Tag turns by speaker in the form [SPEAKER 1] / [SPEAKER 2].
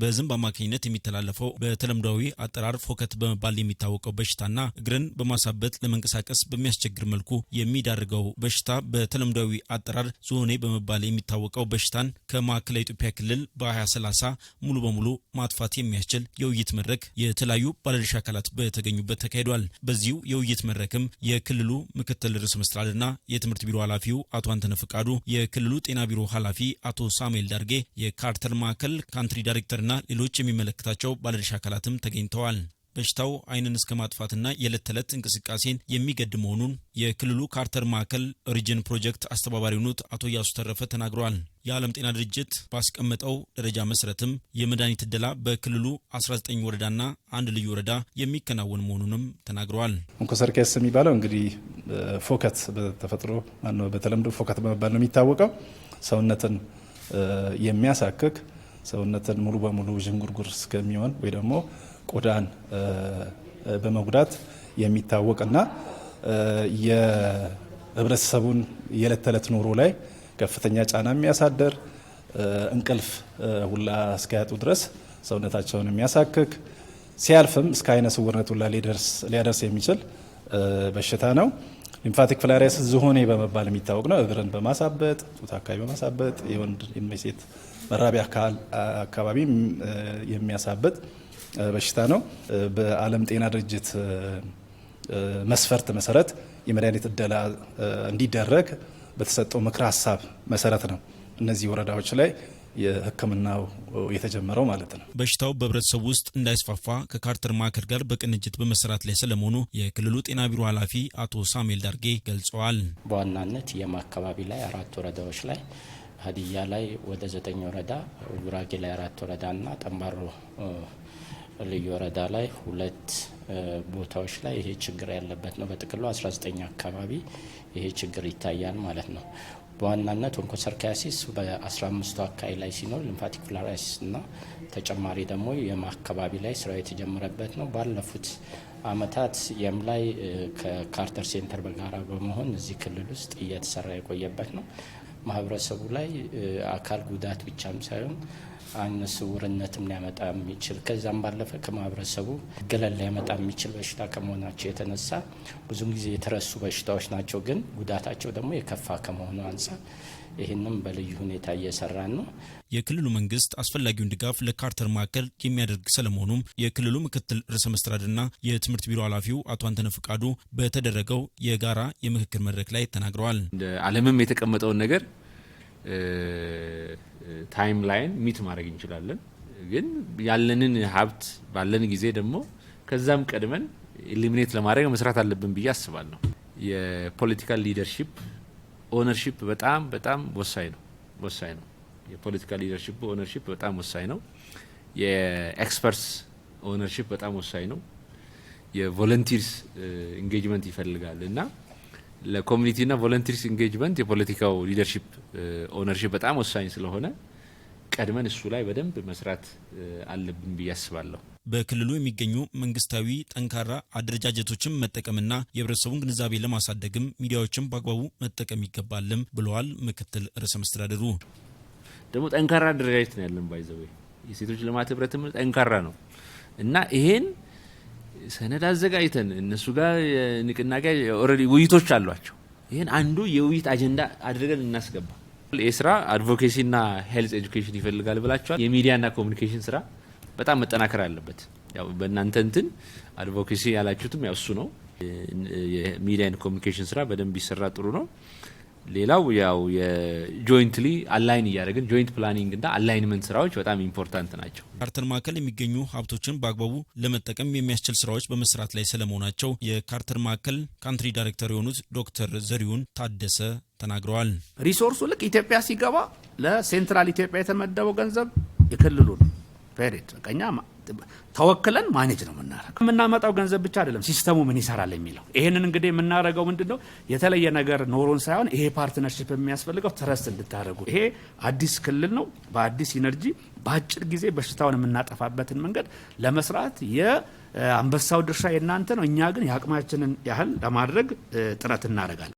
[SPEAKER 1] በዝንብ አማካኝነት የሚተላለፈው በተለምዶዊ አጠራር ፎከት በመባል የሚታወቀው በሽታና እግርን በማሳበጥ ለመንቀሳቀስ በሚያስቸግር መልኩ የሚዳርገው በሽታ በተለምዶዊ አጠራር ዝሆኔ በመባል የሚታወቀው በሽታን ከማዕከላዊ ኢትዮጵያ ክልል በ2030 ሙሉ በሙሉ ማጥፋት የሚያስችል የውይይት መድረክ የተለያዩ ባለድርሻ አካላት በተገኙበት ተካሂዷል። በዚሁ የውይይት መድረክም የክልሉ ምክትል ርዕሰ መስተዳድርና የትምህርት ቢሮ ኃላፊው አቶ አንተነ ፈቃዱ፣ የክልሉ ጤና ቢሮ ኃላፊ አቶ ሳሙኤል ዳርጌ፣ የካርተር ማዕከል ካንትሪ ዳይሬክተር ሚኒስትርና ሌሎች የሚመለከታቸው ባለድርሻ አካላትም ተገኝተዋል። በሽታው አይንን እስከ ማጥፋትና የዕለት ተዕለት እንቅስቃሴን የሚገድ መሆኑን የክልሉ ካርተር ማዕከል ሪጅን ፕሮጀክት አስተባባሪ ሆኑት አቶ እያሱ ተረፈ ተናግረዋል። የዓለም ጤና ድርጅት ባስቀመጠው ደረጃ መሰረትም የመድኃኒት ዕደላ በክልሉ 19 ወረዳና አንድ ልዩ ወረዳ የሚከናወን መሆኑንም ተናግረዋል።
[SPEAKER 2] ኦንኮሰርኬስ የሚባለው እንግዲህ ፎከት በተፈጥሮ በተለምዶ ፎከት በመባል ነው የሚታወቀው ሰውነትን የሚያሳክክ ሰውነትን ሙሉ በሙሉ ዥንጉርጉር እስከሚሆን ወይ ደግሞ ቆዳን በመጉዳት የሚታወቅና የህብረተሰቡን የዕለት ተዕለት ኑሮ ላይ ከፍተኛ ጫና የሚያሳደር እንቅልፍ ሁላ እስኪያጡ ድረስ ሰውነታቸውን የሚያሳክክ ሲያልፍም እስከ አይነ ስውርነት ሁላ ሊያደርስ የሚችል በሽታ ነው። ሊምፋቲክ ፍላሪያሲስ ዝሆኔ በመባል የሚታወቅ ነው። እግርን በማሳበጥ ጡት አካባቢ በማሳበጥ የወንድ የሴት መራቢያ አካባቢ የሚያሳበጥ በሽታ ነው። በዓለም ጤና ድርጅት መስፈርት መሰረት የመድኃኒት እደላ እንዲደረግ በተሰጠው ምክረ ሀሳብ መሰረት ነው እነዚህ ወረዳዎች ላይ የህክምናው የተጀመረው ማለት ነው።
[SPEAKER 1] በሽታው በህብረተሰቡ ውስጥ እንዳይስፋፋ ከካርተር ማዕከል ጋር በቅንጅት በመሰራት ላይ ስለመሆኑ የክልሉ ጤና ቢሮ ኃላፊ አቶ ሳሙኤል ዳርጌ ገልጸዋል።
[SPEAKER 3] በዋናነት የማ አካባቢ ላይ አራት ወረዳዎች ላይ ሀዲያ ላይ ወደ ዘጠኝ ወረዳ፣ ጉራጌ ላይ አራት ወረዳ እና ጠንባሮ ልዩ ወረዳ ላይ ሁለት ቦታዎች ላይ ይሄ ችግር ያለበት ነው። በጥቅሉ 19 አካባቢ ይሄ ችግር ይታያል ማለት ነው። በዋናነት ኦንኮሰርካያሲስ በ15ቱ አካባቢ ላይ ሲኖር ሊምፋቲክ ፍላራያሲስ እና ተጨማሪ ደግሞ አካባቢ ላይ ስራው የተጀመረበት ነው። ባለፉት አመታት የም ላይ ከካርተር ሴንተር በጋራ በመሆን እዚህ ክልል ውስጥ እየተሰራ የቆየበት ነው። ማህበረሰቡ ላይ አካል ጉዳት ብቻም ሳይሆን ዓይነ ስውርነትም ሊያመጣ የሚችል ከዛም ባለፈ ከማህበረሰቡ ገለል ሊያመጣ የሚችል በሽታ ከመሆናቸው የተነሳ ብዙን ጊዜ የተረሱ በሽታዎች ናቸው። ግን ጉዳታቸው ደግሞ የከፋ ከመሆኑ አንጻር ይህንም በልዩ ሁኔታ እየሰራን ነው።
[SPEAKER 1] የክልሉ መንግስት አስፈላጊውን ድጋፍ ለካርተር ማዕከል የሚያደርግ ስለመሆኑም የክልሉ ምክትል ርዕሰ መስተዳድርና የትምህርት ቢሮ ኃላፊው አቶ አንተነ ፍቃዱ በተደረገው የጋራ የምክክር መድረክ ላይ ተናግረዋል።
[SPEAKER 4] ዓለምም የተቀመጠውን ነገር ታይም ላይን ሚት ማድረግ እንችላለን፣ ግን ያለንን ሀብት ባለን ጊዜ ደግሞ ከዛም ቀድመን ኢሊሚኔት ለማድረግ መስራት አለብን ብዬ አስባለሁ። የፖለቲካል ሊደርሺፕ ኦነርሺፕ በጣም በጣም ወሳኝ ነው ወሳኝ ነው። የፖለቲካ ሊደርሽፕ ኦነርሺፕ በጣም ወሳኝ ነው። የኤክስፐርትስ ኦነርሺፕ በጣም ወሳኝ ነው። የቮለንቲርስ ኢንጌጅመንት ይፈልጋል እና ለኮሚኒቲና ቮለንቲርስ ኢንጌጅመንት የፖለቲካው ሊደርሺፕ ኦነርሺፕ በጣም ወሳኝ ስለሆነ ቀድመን እሱ ላይ በደንብ መስራት አለብን ብዬ አስባለሁ።
[SPEAKER 1] በክልሉ የሚገኙ መንግስታዊ ጠንካራ አደረጃጀቶችን መጠቀምና የህብረተሰቡን ግንዛቤ ለማሳደግም ሚዲያዎችን በአግባቡ መጠቀም ይገባልም ብለዋል ምክትል ርዕሰ መስተዳድሩ።
[SPEAKER 4] ደግሞ ጠንካራ አደረጃጀት ነው ያለን ባይዘው የሴቶች ልማት ህብረትም ጠንካራ ነው እና ይሄን ሰነድ አዘጋጅተን እነሱ ጋር ንቅናቄ ኦልሬዲ ውይይቶች አሏቸው። ይህን አንዱ የውይይት አጀንዳ አድርገን እናስገባ። የስራ አድቮኬሲና ሄልዝ ኤጁኬሽን ይፈልጋል ብላችኋል። የሚዲያና ኮሚኒኬሽን ስራ በጣም መጠናከር አለበት። በእናንተ እንትን አድቮኬሲ ያላችሁትም ያው እሱ ነው። የሚዲያን ኮሚኒኬሽን ስራ በደንብ ይሰራ ጥሩ ነው። ሌላው ያው የጆይንትሊ አላይን እያደረግን ጆይንት ፕላኒንግ እና አላይንመንት ስራዎች በጣም ኢምፖርታንት ናቸው።
[SPEAKER 1] ካርተር ማዕከል የሚገኙ ሀብቶችን በአግባቡ ለመጠቀም የሚያስችል ስራዎች በመስራት ላይ ስለመሆናቸው የካርተን ማዕከል ካንትሪ ዳይሬክተር የሆኑት ዶክተር ዘሪሁን ታደሰ ተናግረዋል።
[SPEAKER 5] ሪሶርሱ ልክ ኢትዮጵያ ሲገባ ለሴንትራል ኢትዮጵያ የተመደበው ገንዘብ የክልሉን ፔሬድ ቀኛ ተወክለን ማኔጅ ነው የምናደርገው። የምናመጣው ገንዘብ ብቻ አይደለም፣ ሲስተሙ ምን ይሰራል የሚለው። ይህንን እንግዲህ የምናደርገው ምንድን ነው የተለየ ነገር ኖሮን ሳይሆን ይሄ ፓርትነርሽፕ የሚያስፈልገው ትረስት እንድታደርጉ። ይሄ አዲስ ክልል ነው። በአዲስ ኢነርጂ በአጭር ጊዜ በሽታውን የምናጠፋበትን መንገድ ለመስራት የአንበሳው ድርሻ የእናንተ ነው። እኛ ግን የአቅማችንን ያህል ለማድረግ ጥረት እናደርጋለን።